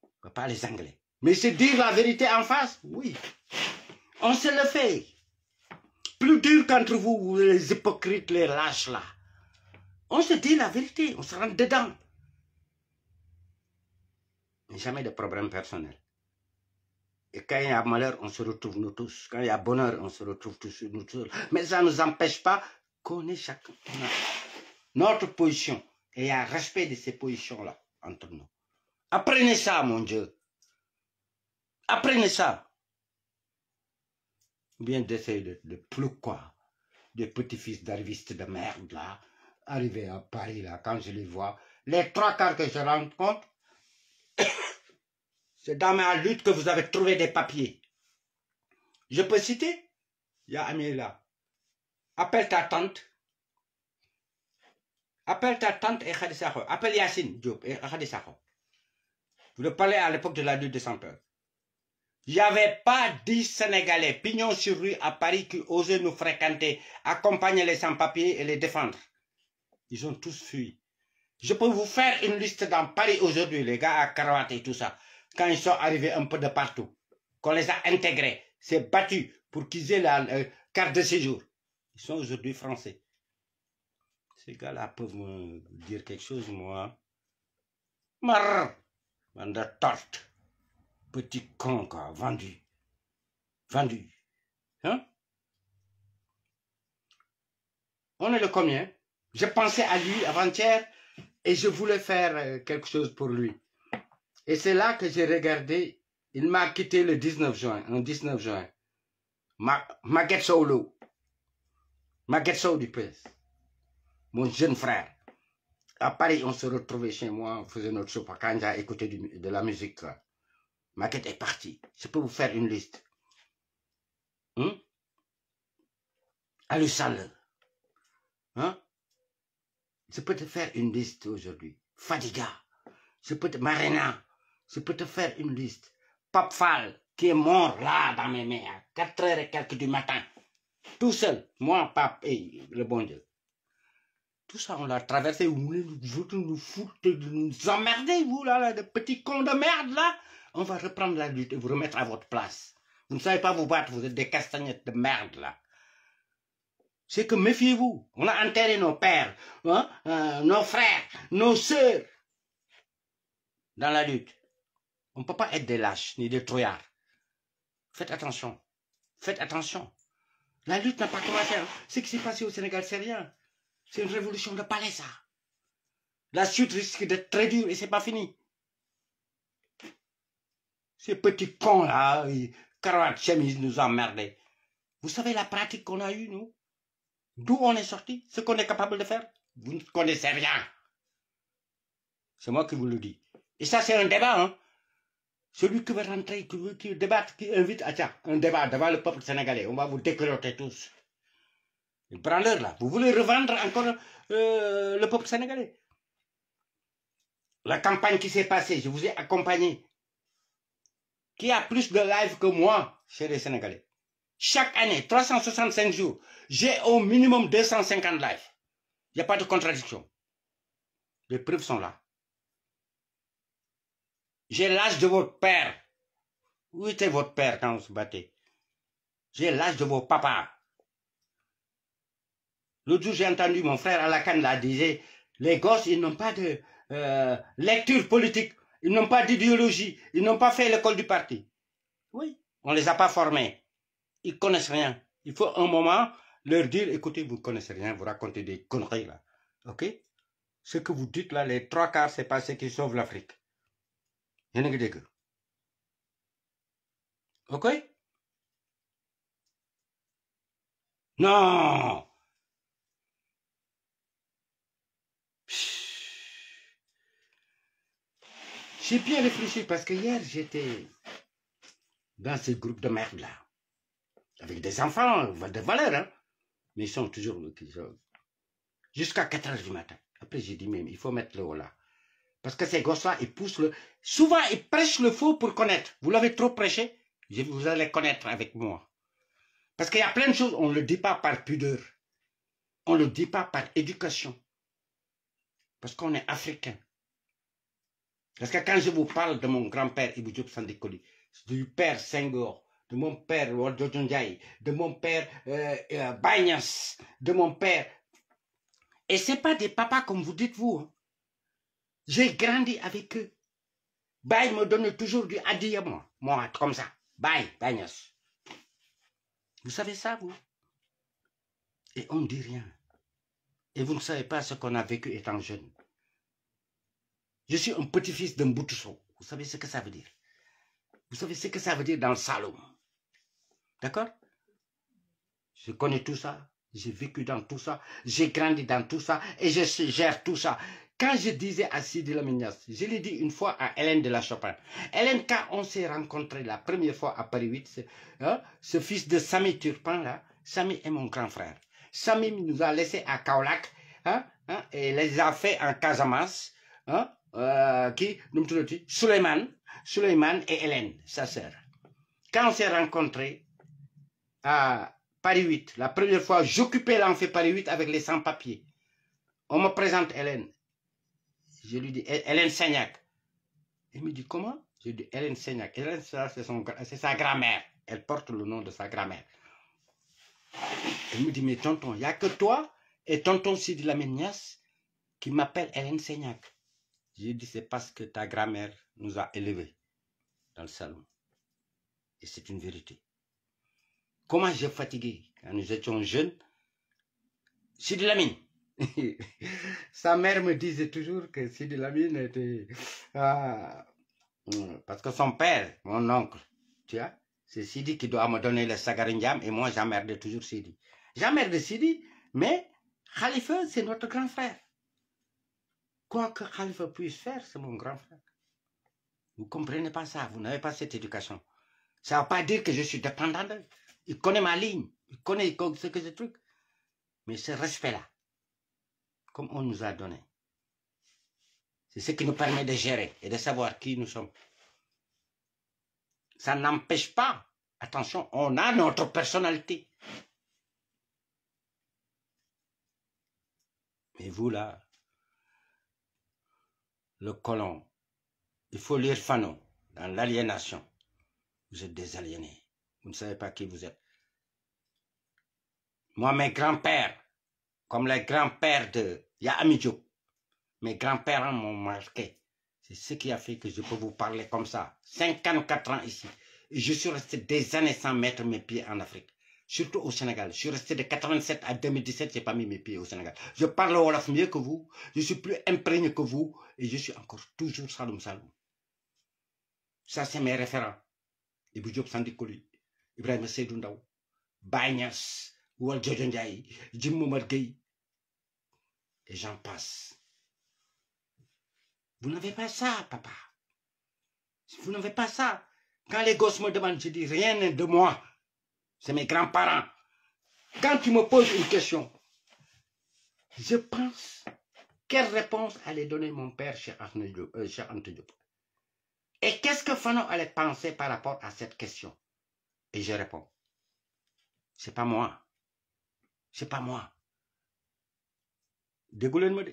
On ne peut pas les anglais. Mais c'est dire la vérité en face, oui. On se le fait plus dur qu'entre vous, les hypocrites, les lâches là. On se dit la vérité, on se rend dedans. Mais jamais de problème personnel. Et quand il y a malheur, on se retrouve nous tous. Quand il y a bonheur, on se retrouve tous nous tous. Mais ça ne nous empêche pas qu'on ait chacun notre position. Et il y a un respect de ces positions-là entre nous. Apprenez ça, mon Dieu. Apprenez ça ou bien d'essayer de, plus quoi des petits-fils d'arrivistes de merde là, arrivés à Paris là, quand je les vois, les trois quarts que je rencontre, c'est dans ma lutte que vous avez trouvé des papiers. Je peux citer Il y a Appelle ta tante. Appelle ta tante et Khadisha Appelle Yacine Diop et Vous le parlez à l'époque de la lutte des sans il n'y avait pas dix Sénégalais pignons sur rue à Paris qui osaient nous fréquenter, accompagner les sans-papiers et les défendre. Ils ont tous fui. Je peux vous faire une liste dans Paris aujourd'hui, les gars à cravate et tout ça, quand ils sont arrivés un peu de partout, qu'on les a intégrés, s'est battu pour qu'ils aient la euh, carte de séjour. Ils sont aujourd'hui français. Ces gars-là peuvent me dire quelque chose, moi. Marre, de Petit con, vendu. Vendu. Hein? On est le combien Je pensais à lui avant-hier et je voulais faire euh, quelque chose pour lui. Et c'est là que j'ai regardé. Il m'a quitté le 19 juin, Le 19 juin. Maguette Solo. Solo du PS. Mon jeune frère. À Paris, on se retrouvait chez moi, on faisait notre soupe quand Kanja, écouter de la musique. Maquette est partie. Je peux vous faire une liste. Hum? Hein? Alusal. Hein? Je peux te faire une liste aujourd'hui. Fadiga. Je peux te... Marina. Je peux te faire une liste. Pape Papfal, qui est mort là dans mes mains, à 4 h et quelques du matin. Tout seul. Moi, pape et le bon Dieu. Tout ça, on l'a traversé. Vous voulez nous foutre, nous emmerder, vous, là, là, de petits cons de merde, là on va reprendre la lutte et vous remettre à votre place. Vous ne savez pas vous battre, vous êtes des castagnettes de merde là. C'est que méfiez-vous. On a enterré nos pères, hein, euh, nos frères, nos sœurs dans la lutte. On ne peut pas être des lâches ni des trouillards. Faites attention. Faites attention. La lutte n'a pas commencé. Hein. Ce qui s'est passé au Sénégal, c'est rien. C'est une révolution de palais, ça. La suite risque d'être très dure et c'est pas fini. Ces petits cons-là, cravate, chemise, nous emmerder. Vous savez la pratique qu'on a eue, nous D'où on est sorti Ce qu'on est capable de faire Vous ne connaissez rien. C'est moi qui vous le dis. Et ça, c'est un débat, hein celui qui veut rentrer, qui veut qui débattre, qui invite à ah, un débat devant le peuple sénégalais. On va vous décroter tous. Il prend là. Vous voulez revendre encore euh, le peuple sénégalais La campagne qui s'est passée, je vous ai accompagné qui a plus de lives que moi chez les Sénégalais. Chaque année, 365 jours, j'ai au minimum 250 lives. Il n'y a pas de contradiction. Les preuves sont là. J'ai l'âge de votre père. Où était votre père quand vous se battait J'ai l'âge de vos papas. L'autre jour, j'ai entendu mon frère à la canne là disait, les gosses, ils n'ont pas de euh, lecture politique. Ils n'ont pas d'idéologie. Ils n'ont pas fait l'école du parti. Oui, on ne les a pas formés. Ils ne connaissent rien. Il faut un moment leur dire, écoutez, vous ne connaissez rien, vous racontez des conneries là. OK Ce que vous dites là, les trois quarts, ce n'est pas ce qui sauve l'Afrique. a OK Non J'ai bien réfléchi parce que hier, j'étais dans ce groupe de merde-là. Avec des enfants, des valeurs. hein. Mais ils sont toujours Jusqu'à 4 heures du matin. Après, j'ai dit même, il faut mettre le haut là. Parce que ces gosses-là, ils poussent le. Souvent, ils prêchent le faux pour connaître. Vous l'avez trop prêché, vous allez connaître avec moi. Parce qu'il y a plein de choses, on ne le dit pas par pudeur. On ne le dit pas par éducation. Parce qu'on est africain. Parce que quand je vous parle de mon grand-père Ibu Diop du père Senghor, de mon père de mon père euh, euh de mon père. Et ce pas des papas comme vous dites vous. Hein. J'ai grandi avec eux. Baye me donne toujours du adieu, moi. Moi, comme ça. Bye, Bagnas. Vous savez ça, vous Et on ne dit rien. Et vous ne savez pas ce qu'on a vécu étant jeune. Je suis un petit-fils d'un Boutousson. Vous savez ce que ça veut dire Vous savez ce que ça veut dire dans le salon D'accord Je connais tout ça. J'ai vécu dans tout ça. J'ai grandi dans tout ça. Et je gère tout ça. Quand je disais à Sidi Lamignas, je l'ai dit une fois à Hélène de la Chopin. Hélène, quand on s'est rencontrés la première fois à Paris 8, hein, ce fils de Samy Turpin, là, Samy est mon grand frère. Samy nous a laissé à Kaolac hein, hein, et les a fait en Casamas. Hein, euh, qui, Suleiman, et Hélène, sa sœur. Quand on s'est rencontrés à Paris 8, la première fois, j'occupais l'enfer Paris 8 avec les sans-papiers. On me présente Hélène. Je lui dis, Hélène Seignac Elle me dit, comment Je lui dis, Hélène Seignac Hélène c'est sa grand-mère. Elle porte le nom de sa grand-mère. Elle me dit, mais tonton, il n'y a que toi et tonton Sidi Lamenias qui m'appelle Hélène Seignac j'ai dit, c'est parce que ta grand-mère nous a élevés dans le salon. Et c'est une vérité. Comment j'ai fatigué quand nous étions jeunes Sidi Lamine. Sa mère me disait toujours que Sidi Lamine était... Ah, parce que son père, mon oncle, tu vois, c'est Sidi qui doit me donner le sagarindiam et moi j'emmerde toujours Sidi. J'emmerde Sidi, mais Khalifa, c'est notre grand frère. Quoi que Khalifa puisse faire, c'est mon grand frère. Vous ne comprenez pas ça, vous n'avez pas cette éducation. Ça ne veut pas dire que je suis dépendant d'eux. Il connaît ma ligne, il connaît ce que ce truc. Mais ce respect-là, comme on nous a donné, c'est ce qui nous permet de gérer et de savoir qui nous sommes. Ça n'empêche pas, attention, on a notre personnalité. Mais vous là, le colon. Il faut lire Fanon dans l'aliénation. Vous êtes des Vous ne savez pas qui vous êtes. Moi, mes grands-pères, comme les grands-pères de Yamidjo, mes grands-pères m'ont marqué. C'est ce qui a fait que je peux vous parler comme ça. 54 ans ici. Je suis resté des années sans mettre mes pieds en Afrique surtout au Sénégal. Je suis resté de 87 à 2017, j'ai pas mis mes pieds au Sénégal. Je parle au Olaf mieux que vous, je suis plus imprégné que vous, et je suis encore toujours Saloum Saloum. Ça, c'est mes référents. Sandikoli, Ibrahim Seydou Ndaw, Jim Moumargei. et j'en passe. Vous n'avez pas ça, papa. Vous n'avez pas ça. Quand les gosses me demandent, je dis rien de moi c'est mes grands-parents. Quand tu me poses une question, je pense quelle réponse allait donner mon père chez euh, Et qu'est-ce que Fano allait penser par rapport à cette question Et je réponds, c'est pas moi. C'est pas moi. me moi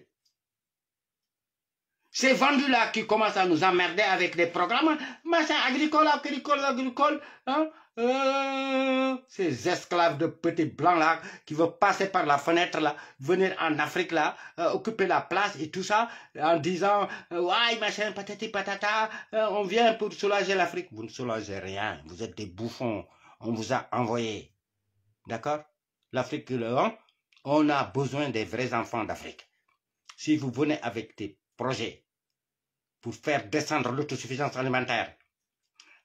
Ces vendus-là qui commence à nous emmerder avec des programmes, machin agricole, agricole, agricole, hein, euh, ces esclaves de petits blancs là qui vont passer par la fenêtre là, venir en Afrique là, euh, occuper la place et tout ça en disant euh, ouais machin patati patata, on vient pour soulager l'Afrique. Vous ne soulagez rien, vous êtes des bouffons. On vous a envoyé, d'accord L'Afrique hein? on a besoin des vrais enfants d'Afrique. Si vous venez avec des projets pour faire descendre l'autosuffisance alimentaire,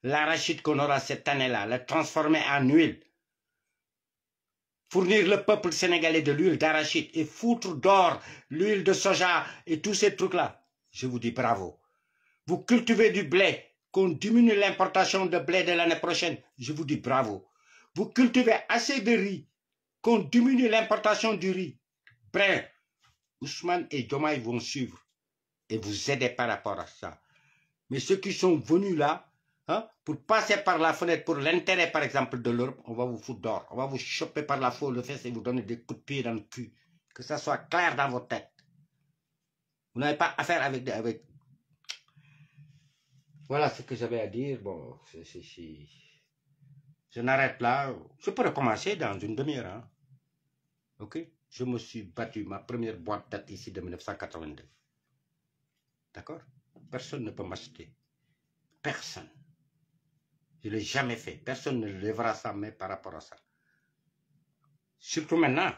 l'arachide qu'on aura cette année-là, la transformer en huile, fournir le peuple sénégalais de l'huile d'arachide et foutre d'or l'huile de soja et tous ces trucs-là, je vous dis bravo. Vous cultivez du blé, qu'on diminue l'importation de blé de l'année prochaine, je vous dis bravo. Vous cultivez assez de riz, qu'on diminue l'importation du riz. Bref, Ousmane et Domaï vont suivre et vous aider par rapport à ça. Mais ceux qui sont venus là, Hein, pour passer par la fenêtre, pour l'intérêt, par exemple, de l'Europe, on va vous foutre d'or, On va vous choper par la foule, le fesse et vous donner des coups de pied dans le cul. Que ça soit clair dans vos têtes. Vous n'avez pas affaire avec, avec... Voilà ce que j'avais à dire. Bon, Je n'arrête là. Je peux recommencer dans une demi-heure. Hein. OK Je me suis battu. Ma première boîte date ici de 1982. D'accord Personne ne peut m'acheter. Personne. Je ne l'ai jamais fait. Personne ne lèvera sa main par rapport à ça. Surtout maintenant.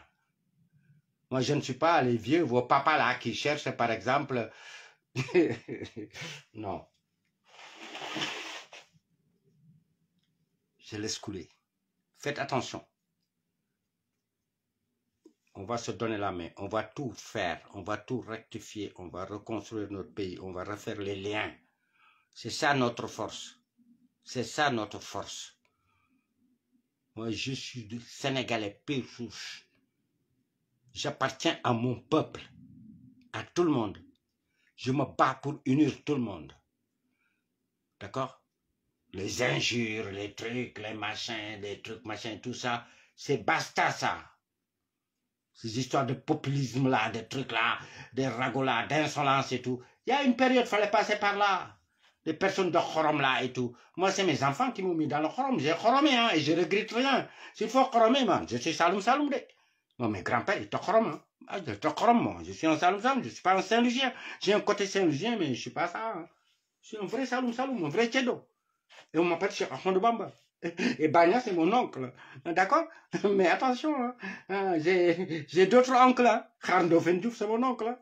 Moi, je ne suis pas les vieux, vos papas là qui cherchent, par exemple. non. Je laisse couler. Faites attention. On va se donner la main. On va tout faire. On va tout rectifier. On va reconstruire notre pays. On va refaire les liens. C'est ça notre force. C'est ça notre force. Moi, je suis du Sénégalais puis J'appartiens à mon peuple, à tout le monde. Je me bats pour unir tout le monde. D'accord Les injures, les trucs, les machins, les trucs, machins, tout ça, c'est basta ça. Ces histoires de populisme là, des trucs là, ragots-là, d'insolence et tout. Il y a une période, fallait passer par là. Les personnes de Khorom là et tout. Moi, c'est mes enfants qui m'ont mis dans le Khorom. J'ai Khoromé, hein, et je regrette rien. S'il faut Khoromé, man, je suis Saloum Saloum. Moi, mes grands-pères, ils te Khorom. Hein. Ah, ils étaient moi. Je suis un Saloum Saloum, je suis pas un Saint-Lugien. J'ai un côté Saint-Lugien, mais je ne suis pas ça. Hein. Je suis un vrai Saloum Saloum, un vrai Tchédo. Et on m'appelle Rachon de Bamba. Et Banya, c'est mon oncle. D'accord Mais attention, hein. Ah, j'ai d'autres oncles. Hein. c'est mon oncle. Hein.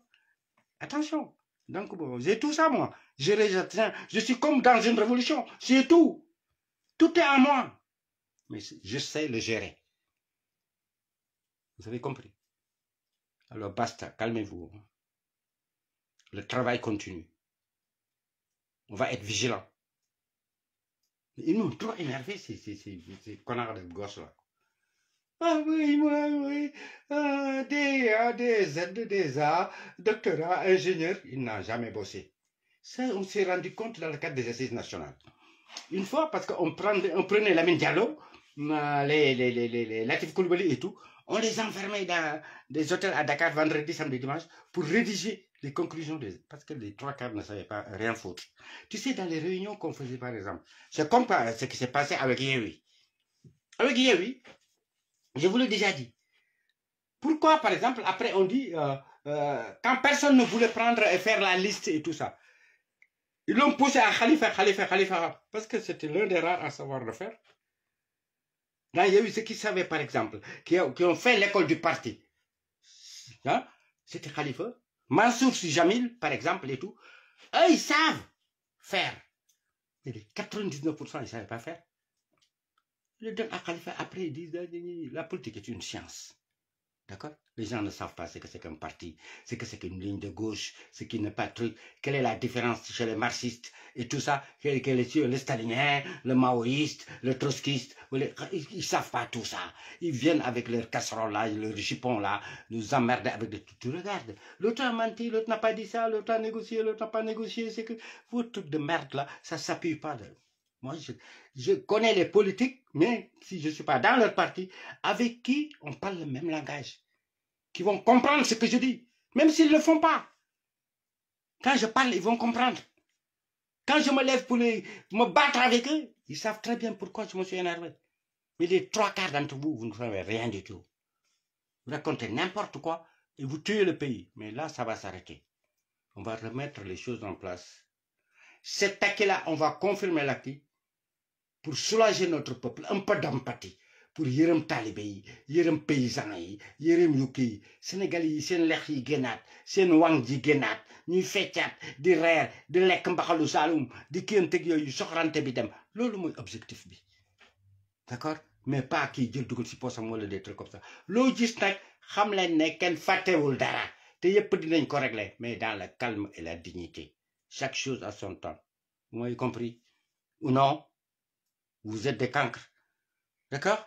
Attention. Donc, bon, j'ai tout ça, moi je Je suis comme dans une révolution. C'est tout. Tout est à moi. Mais je sais le gérer. Vous avez compris Alors basta, calmez-vous. Hein. Le travail continue. On va être vigilant. Ils m'ont trop énervé, ces, connards de gosses-là. Ah oui, moi, oui, ah, A, D, Z, D, A, doctorat, ingénieur, il n'a jamais bossé. Ça, on s'est rendu compte dans le cadre des assises nationales. Une fois, parce qu'on prenait, on prenait la mine Diallo, les, les, les, les, Latif Koulibaly et tout, on les enfermait dans des hôtels à Dakar vendredi, samedi, dimanche pour rédiger les conclusions, parce que les trois quarts ne savaient pas rien foutre. Tu sais, dans les réunions qu'on faisait, par exemple, c'est comme ce qui s'est passé avec Yewi. Avec Yewi, je vous l'ai déjà dit. Pourquoi, par exemple, après, on dit, euh, euh, quand personne ne voulait prendre et faire la liste et tout ça, ils l'ont poussé à Khalifa, Khalifa, Khalifa, parce que c'était l'un des rares à savoir le faire. il y a eu ceux qui savaient, par exemple, qui, ont fait l'école du parti. Hein? C'était Khalifa. Mansour Jamil, par exemple, et tout. Eux, ils savent faire. Mais les 99%, ils ne savaient pas faire. Le donnent à Khalifa, après, ils disent, la politique est une science. D'accord les gens ne savent pas ce que c'est qu'un parti, ce que c'est qu'une ligne de gauche, ce qui n'est pas truc, quelle est la différence chez les marxistes et tout ça, quel, est le stalinien, le maoïste, le trotskiste, ils, ne savent pas tout ça. Ils viennent avec leurs casseroles là, leurs chipons là, nous emmerder avec tout. tu regardes. L'autre a menti, l'autre n'a pas dit ça, l'autre a négocié, l'autre n'a pas négocié, c'est que vos truc de merde là, ça s'appuie pas de... Moi, je, je, connais les politiques, mais si je ne suis pas dans leur parti, avec qui on parle le même langage qui vont comprendre ce que je dis, même s'ils ne le font pas. Quand je parle, ils vont comprendre. Quand je me lève pour me battre avec eux, ils savent très bien pourquoi je me suis énervé. Mais les trois quarts d'entre vous, vous ne savez rien du tout. Vous racontez n'importe quoi et vous tuez le pays. Mais là, ça va s'arrêter. On va remettre les choses en place. Cet acquis-là, on va confirmer l'acquis pour soulager notre peuple. Un peu d'empathie pour yërëm talibé yi yërëm paysan yi yërëm yu kii yi Sénégal yi seen lex yi génnaat seen wang ji génnaat ñuy fétiat di reer di lekk mbaxalu saloum di kéenteg yooyu soxranté bi dem loolu moy objectif bi d'accord mais pas kii jël dugal ci poosam wala des trucs comme ça lo gis nag xam leen ken kenn fàttewul dara té yépp dinañ ko régler mais dans le calme et la dignité chaque chose à son temps vous m'avez compris ou non vous êtes des cancres d'accord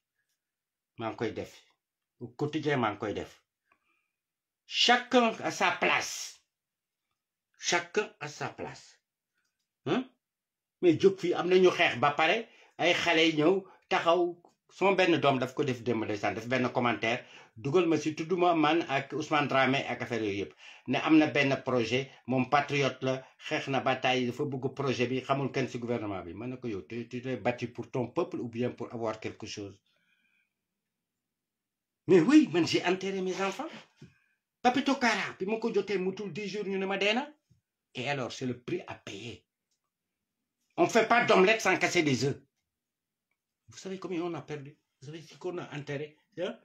chacun à sa place chacun à sa place hein? mais fi amna ñu xex ba paré ay xalé taxaw daf commentaire ma man ak Ousmane Dramé ak affaire projet Mon patriote la na bataille dafa bëgg projet gouvernement tu tu battu pour ton peuple ou bien pour avoir quelque chose mais oui man j'ai enterré mes enfants Papito Tokara, puis mon ko jotee 10 jours ñu ne et alors c'est le prix à payer on fait pas d'omelette sans casser des œufs vous savez combien on a perdu vous savez ce qu'on a enterré hein?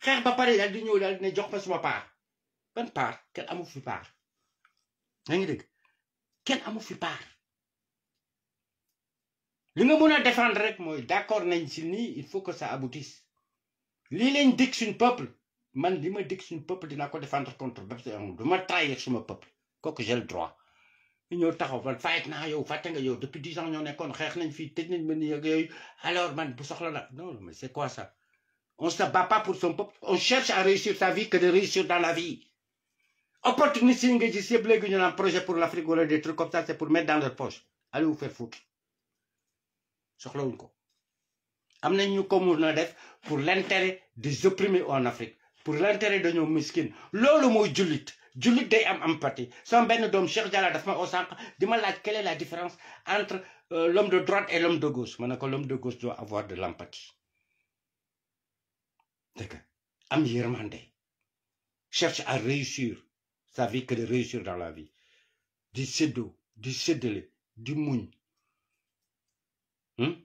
xeex ba a daal di a dit, di ne jox ma suma part ben part quel amu fi part yaa ngi dégg kenn amu fi part li nga mën défendre d'accord il faut que ça aboutisse dit que c'est un peuple man dis ma c'est un peuple dinaa ko défendre contre bépp Je ma trahir mon peuple que j'ai le droit ñëw taxaw man na naa yow fàtte nga yow depuis 10 ans ñoo nekkoon xeex nañ fii tëj nañ ma alors man bu soxla la non mais c'est quoi ça on se bat pas pour son peuple on cherche à réussir sa vie que de réussir dans la vie opportuniste yi nga gis yëpp projet pour l'Afrique ou des trucs comme ça c'est pour mettre dans leur poche allez vous faire foutre soxlawuñ ko am pour l'intérêt des opprimés en Afrique pour l'intérêt nos miskin loolu moy jullit jullit day am empathie Ça me dom Cheikh daf ma au dima laaj quelle est la différence entre euh, l'homme de droite et l'homme de gauche Maintenant l'homme de gauche doit avoir de l'empathie D'accord. am cherche à réussir sa vie que de réussir dans la vie di du di du di Hum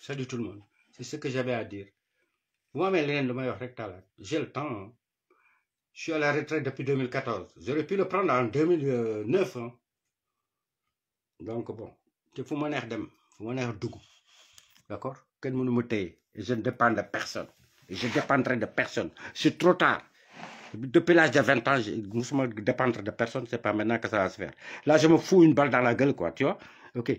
Salut tout le monde. C'est ce que j'avais à dire. Moi, mais de meilleur rectal. J'ai le temps. Je suis à la retraite depuis 2014. J'aurais pu le prendre en 2009. Hein. Donc bon, il faut mon mon air D'accord Quel monde me Je ne dépends de personne. Je ne dépendrai de personne. C'est trop tard. Depuis l'âge de 20 ans, je ne dépendre de personne. C'est pas maintenant que ça va se faire. Là, je me fous une balle dans la gueule, quoi. Tu vois Ok.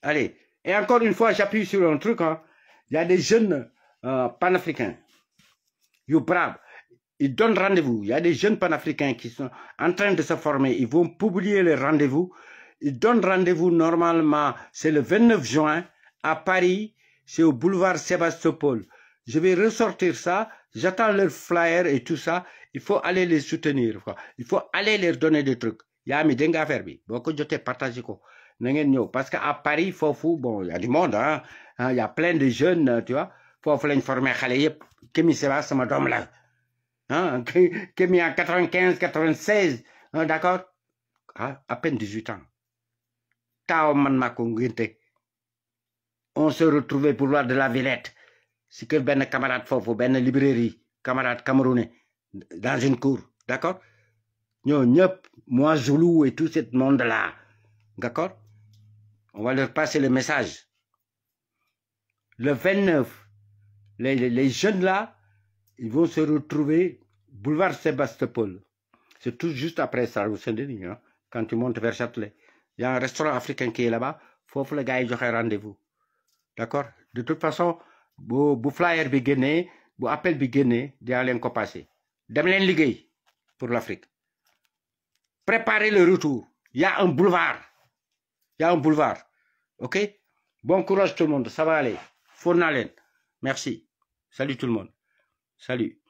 Allez. Et encore une fois, j'appuie sur un truc. Hein. Il y a des jeunes euh, panafricains. Ils braves. Ils donnent rendez-vous. Il y a des jeunes panafricains qui sont en train de se former. Ils vont publier les rendez-vous. Ils donnent rendez-vous normalement. C'est le 29 juin à Paris. C'est au boulevard Sébastopol. Je vais ressortir ça. J'attends leur flyer et tout ça. Il faut aller les soutenir. Il faut aller leur donner des trucs. Il y a mes affaire bi beaucoup de quoi parce qu'à Paris il bon y a du monde hein. Hein, il y a plein de jeunes tu vois foofu lañ former à yëpp Kémi c'est ma dame-là, en 95, 96, hein, d'accord ah, à peine 18 ans man on se retrouvait pour voir de la Villette si que ben camarade Fofu ben librairie camarade camerounais dans une cour d'accord moi Zoulou et tout ce monde là d'accord on va leur passer le message. Le 29, les, jeunes là, ils vont se retrouver boulevard Sébastopol. C'est tout juste après ça, saint hein, quand tu montes vers Châtelet. Il y a un restaurant africain qui est là-bas, faut que les gars ait rendez-vous. D'accord De toute façon, vous flyer bi génnee appel bi génnee aller encore ko pour l'Afrique préparez le retour il y a un boulevard il y a un boulevard. OK Bon courage tout le monde. Ça va aller. Fournaline. Merci. Salut tout le monde. Salut.